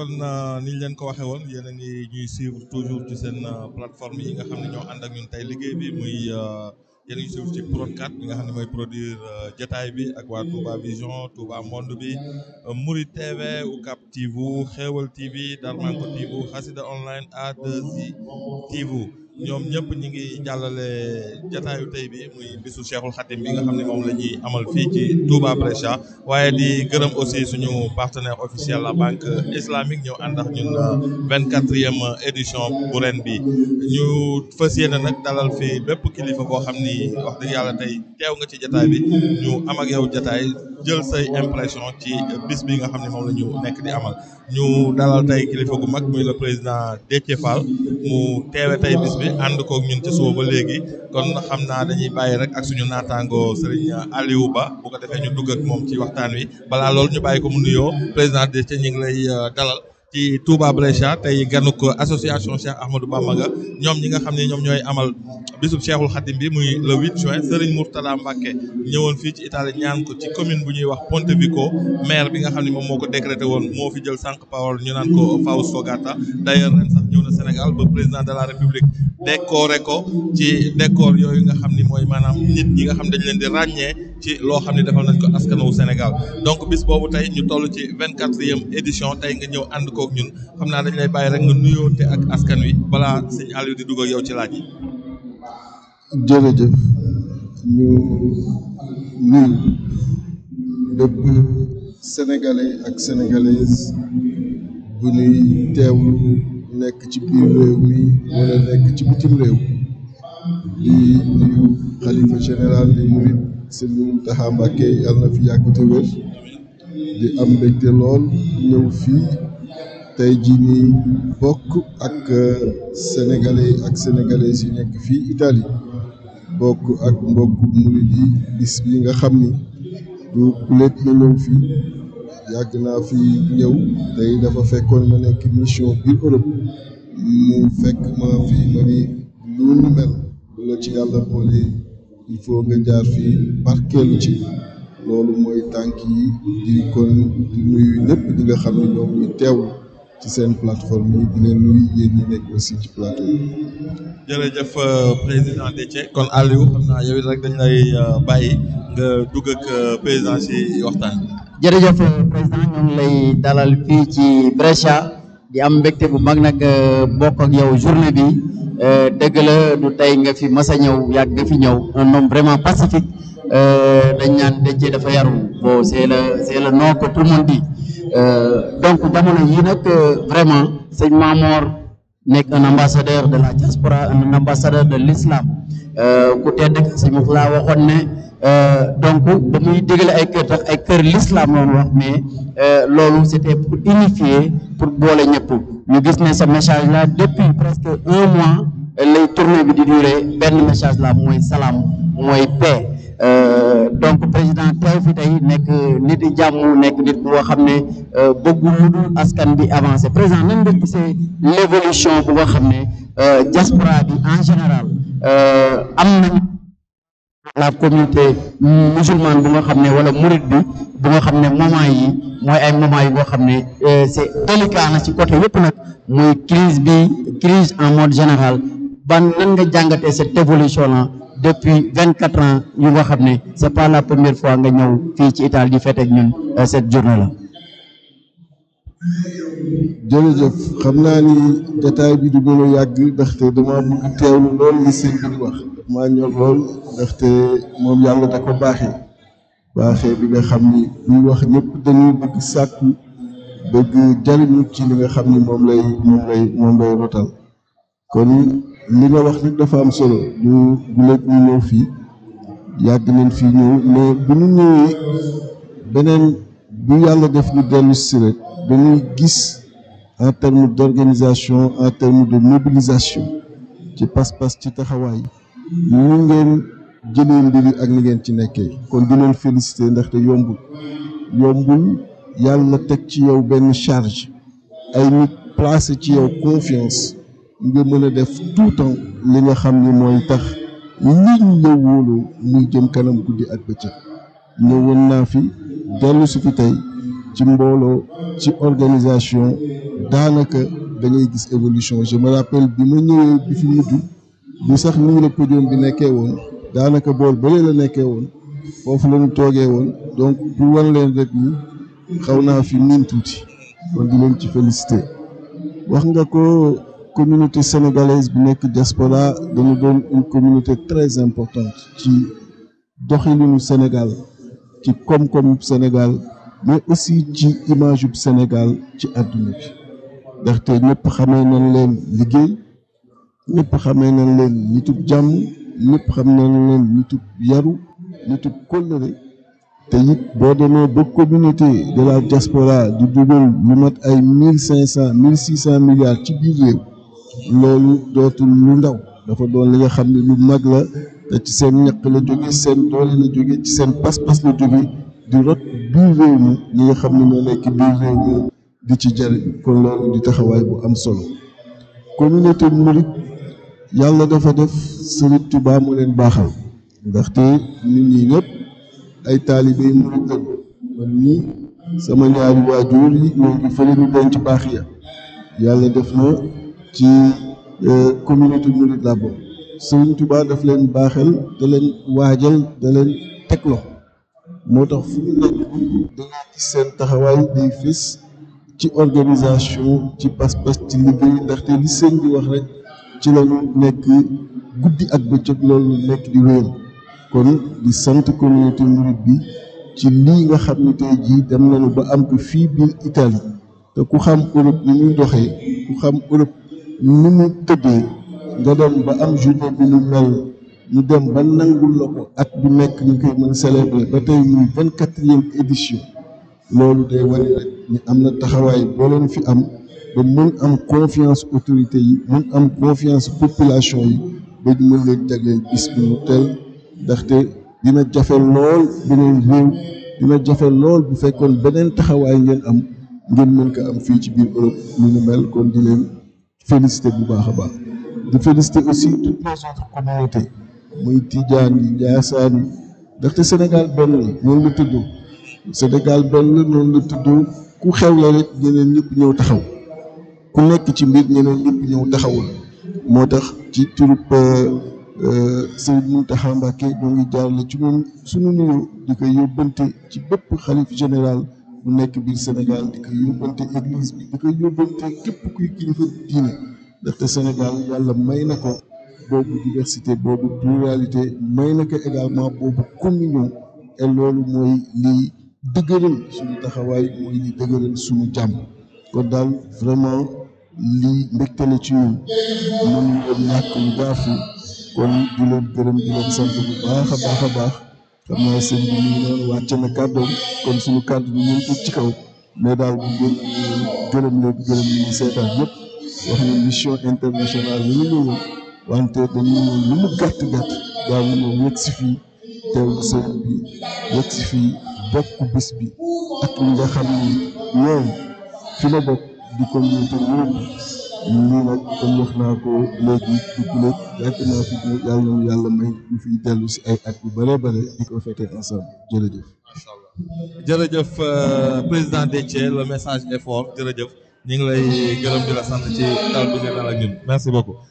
kon euh, ni ñu leen ko waxee woon yéen a ngi ñuy suivre toujours ci seen euh, plateforme yi nga xam ne ñoo ànd ak ñun tey liggéey bi muy euh, yéen a ngi suivre ci Prod4 bi nga xam ne mooy produire jotaay bi ak waa Touba Vision Touba Monde bi Mouride TV Ucab TV Xéewal TV Darmanko TV Xasida Online a 2 TV. ñoom ñëpp ñi ngi jàllale jataayu tey bi muy bisu Cheikhul Khadim bi nga xam ne moom la ñuy amal fii ci Touba Brescia waaye di gërëm aussi suñu partenaire officiel la banque islamique ñëw ànd ak ñun vingt quatrième édition bu ren bi ñu fas yéene nag dalal fi bépp kilifa boo xam ni wax dëgg yàlla tey teew nga ci jataay bi ñu am ak yow jataay jël say impression ci bis bi nga xam ne moom la ñu nekk di amal ñu dalal tey kilifa gu mag muy la président Déthié Fall mu teewe tey bis bi ànd kook ñun ci suba ba léegi kon xam naa dañuy bàyyi rek ak suñu naataango Serigne Aliou Ba bu ko defee ñu dugg ak moom ci waxtaan wi balaa loolu ñu bàyyi ko mu nuyoo président Déthié ñu ngi lay euh, dalal. ci Touba Brescia tey ganuk association Cheikh Ahmadou Bamba ga ñoom ñi nga xam ne ñoom ñooy amal bisub Cheikhul Khadim bi muy la 8 juin Serigne Mourtala Mbacke ñëwoon fii ci Italie ñaan ko ci commune bu ñuy wax Pontevico maire bi nga xam ne moom moo ko décrété woon moo fi jël sànq parole ñu naan ko Fausto Gatta d'ailleurs ñëw Sénégal ba président de la république décoré ko ci décor yooyu nga xam ni mooy maanaam nit ñi nga xam dañ leen di ràññee ci loo xam ne defal nañ ko askanawu Sénégal donc bis boobu tey ñu toll ci vingt quatrième édition tey nga ñëw ànd kook ñun xam naa dañ lay bàyyi rek nga nuyoote ak askan wi balaa sëñ Aliou di dugg yow ci laaj yi. jërëjëf ñu nuyu bépp sénégalais ak sénégalaises bu ñuy teewlu. nekk ci biir réew mi wala nekk ci bitim réew di nuyu xalifa général di murit Serigne Mountakha Mbacké yàlla fi yàgg wér di am mbégte lool ñëw fii tey jii nii bokk ak euh, sénégalais ak sénégalais yi nekk fii Italie bokk ak mbokk murit yi bis bi nga xam ni du lépp na ñëw fii yàgg naa fi ñëw tey dafa fekkoon ma nekk mission biir Europe mu fekk ma fi ma ni lu nu mel bu la ci yàlla boole il faut nga jaar fii barkeelu ci loolu mooy tànk yi di kon di nuyu ñëpp ñi nga xam ne ñoom teew ci seen plateforme yi di leen nuyu yéen ñi nekk aussi ci plateau yi. jërëjëf euh, président Déthié kon Aliou xam naa yow it rek dañ lay euh, bàyyi nga dugg ak euh, président si waxtaan jërëjëf euh, président ñoo lay dalal fii ci Brescia di am mbégte bu mag nag euh, bokk ak yow journée bi euh, dëgg la du tey nga fi masa a ñëw yàgg fi ñëw un homme vraiment pacifique dañ naan dëcce dafa yaru bon c'est le c'est le nom que tout donc jamono yi vraiment sëñ Mamor nekk un ambassadeur de la diaspora un ambassadeur de l'islam ku tedd ak sëñ Moufla waxoon Euh, donc ba muy dégale ay kër tax ay kër l'islam loonu wax mais euh, loolu c'était pour unifier pour boole ñëpp ñu gis ne sa message là depuis presque un mois lay tournée bi di durer benn message là mooy salaam mooy paix euh, donc président teew fi tey nekk nit yi jàmm nekk nit boo xam ne bëggul lu dul askan bi avancé président nan nga gisee l'évolution bu nga xam ne diaspora bi en général am nañu la communauté musulmane bu nga xam ne wala murid bi bu nga xam ne moment yi mooy ay moment yi nga xam ne euh, c'est délicat na ci côté yëpp nag muy crise bi crise en mode général ban nan nga jàngatee cette évolution là depuis vingt quatre ans yu nga xam ne c'est pas la première fois nga ñëw fii ci Italie di fête ak ñun euh, cette journée là jërëjëf xam naa ni jataay bi du gën yàgg ndaxte dama bëgg teewlu lool li sëñ bi di wax maa ñor lool ndaxte moom yàlla da ko baaxee baaxee bi nga xam ni buy wax ñëpp dañuy bëgg sàkku bëgg jariñu ci li nga xam ni moom lay moom lay rotal kon li nga wax nag dafa am solo ñu guléeg ñu ñëw fii yàgg nañ fii ñëw mais bu ñu ñëwee beneen bu yàlla def ñu dellu si dañuy gis en terme d'organisation en terme de mobilisation ci pas-pas ci taxawaay ñu ngeen jëlee mbiri ak li ngeen ci nekkee kon di leen félicité ndaxte yombul yombul yàlla teg ci yow benn charge ay nit placé ci yow confiance nga mën def tout temps li nga xam ni mooy tax nit ñi la wóolu muy jëm kanam guddi ak bëccëg ñëwoon naa fi dellu fi tey ci mbooloo ci organisation daanaka da gis évolution je me rappelle bi ma ñëwee bi fi mujj bi sax nii la podium bi nekkee woon daanaka bool bële la nekkee woon foofu la toogee woon donc pour wan leen rek ni xaw naa fi miin tuuti kon di ci félicité wax nga ko communauté sénégalaise bi nekk diaspora dañu doon une communauté très importante ci doxalinu Sénégal ci koom-koomu Sénégal mais aussi ci image yu Sénégal ci àdduna bi ndaxte ñëpp xamee nañ leen liggéey ñëpp xamee nañ leen nitub jàmm ñëpp xam nañ leen nitub yaru nitub kóllëre te it boo demee ba communauté de la diaspora di dugal lu mat ay mille cinq cent mille six milliards ci biir réew loolu dootul lu ndaw dafa doon li nga xam ne lu mag la te ci seen ñaq la jóge seen doole la jóge ci seen pas-pas la jóge di rot biir réew mi ñi nga xam ne ñoo nekk biir réew mi di ci jariñ kon loolu di taxawaay bu am solo communauté murit yàlla dafa def Sëriñ Tuubaa mu leen baaxal ndaxte nit ñi ñëpp ay taalibe murit lañ man nii sama ñaari waajur yi ñoo ngi fële ñu denc baax ya yàlla def na ci euh, communauté murit laa bokk Sëriñ Tuubaa daf leen baaxel da leen waajal da leen teg loxo moo tax fu ñu nekk dangaa gis seen taxawaay day fés ci organisation ci pas-pas ci liggéey ndaxte li sëñ bi wax rek ci lañu nekk guddi ak bëccëg loolu nekk di wéyal kon di sant communauté mouride bi ci lii nga xam ne tey jii dem nañu ba am ko fii biir Italie te ku xam Europe ni muy doxee ku xam Europe ni mu tëddee nga dem ba am journée bi lu mel ñu dem ba nangul la ko at bu nekk ñu koy mën célébrer ba tey muy vingt quatrième édition loolu day wane rek ñu am na taxawaay boo leen fi am ba mën am confiance autorité yi mën am confiance population yi ba ñu mën leen jagleel bis bi mu teel ndaxte dina jafe lool beneen réew dina jafe lool bu fekkoon beneen taxawaay ngeen am ngeen mën ko am fii ci biir Europe lu ñu mel kon di leen félicité bu baax a baax di félicité aussi toutes les autres communautés muy Tijaan yi Njaasaan ndaxte Sénégal benn la noonu la tudd Sénégal benn la noonu la tudd ku xew la rek ñeneen ñëpp ñëw taxaw ku nekk ci mbir ñeneen ñëpp ñëw taxawul moo tax ci turub euh, euh, Serigne Mountakha Mbacké ñoo ngi jaarale ci moom suñu nuyu di ko yóbbante ci bëpp xalif général bu nekk biir Sénégal di ko yóbbante église bi di ko yóbbante képp kuy kilifa diine ndaxte Sénégal yàlla may na ko boobu diversité boobu pluralité may na ko également boobu communion et loolu mooy liy dëgëral suñu taxawaay mooy li dëgëral suñu jàmm kon daal vraiment li mbégte la ci ñun lu gaafu kon di leen gërëm di leen sant bu baax a baax a baax xam naa sëñ bi ñu noonu wàcce na kàddoom kon suñu kàddu bi ñu ci kaw mais daal bu ngeen gërëm leen gërëm ñu seetaan yëpp wax ne mission internationale la ñu ñëwoon wante dañuy lu mu gàtt gàtt daa mun a yegg si fii teewlu sëriñ bi yegg si fii bokk bis bi ak nga xam ni ñoom fi la bokk di communauté ñoom lii nag comme wax naa ko léegi dugg léeg yàgg naa yàlla ñu yàlla may ñu fiy dellu si ay at yu bare bare di ko fekkee ensemble jërëjëf. macha allah jërëjëf euh, président Déthié message est fort jërëjëf ñu ngi lay gërëm di la sant ci dal bi nga dal ak ñun merci beaucoup.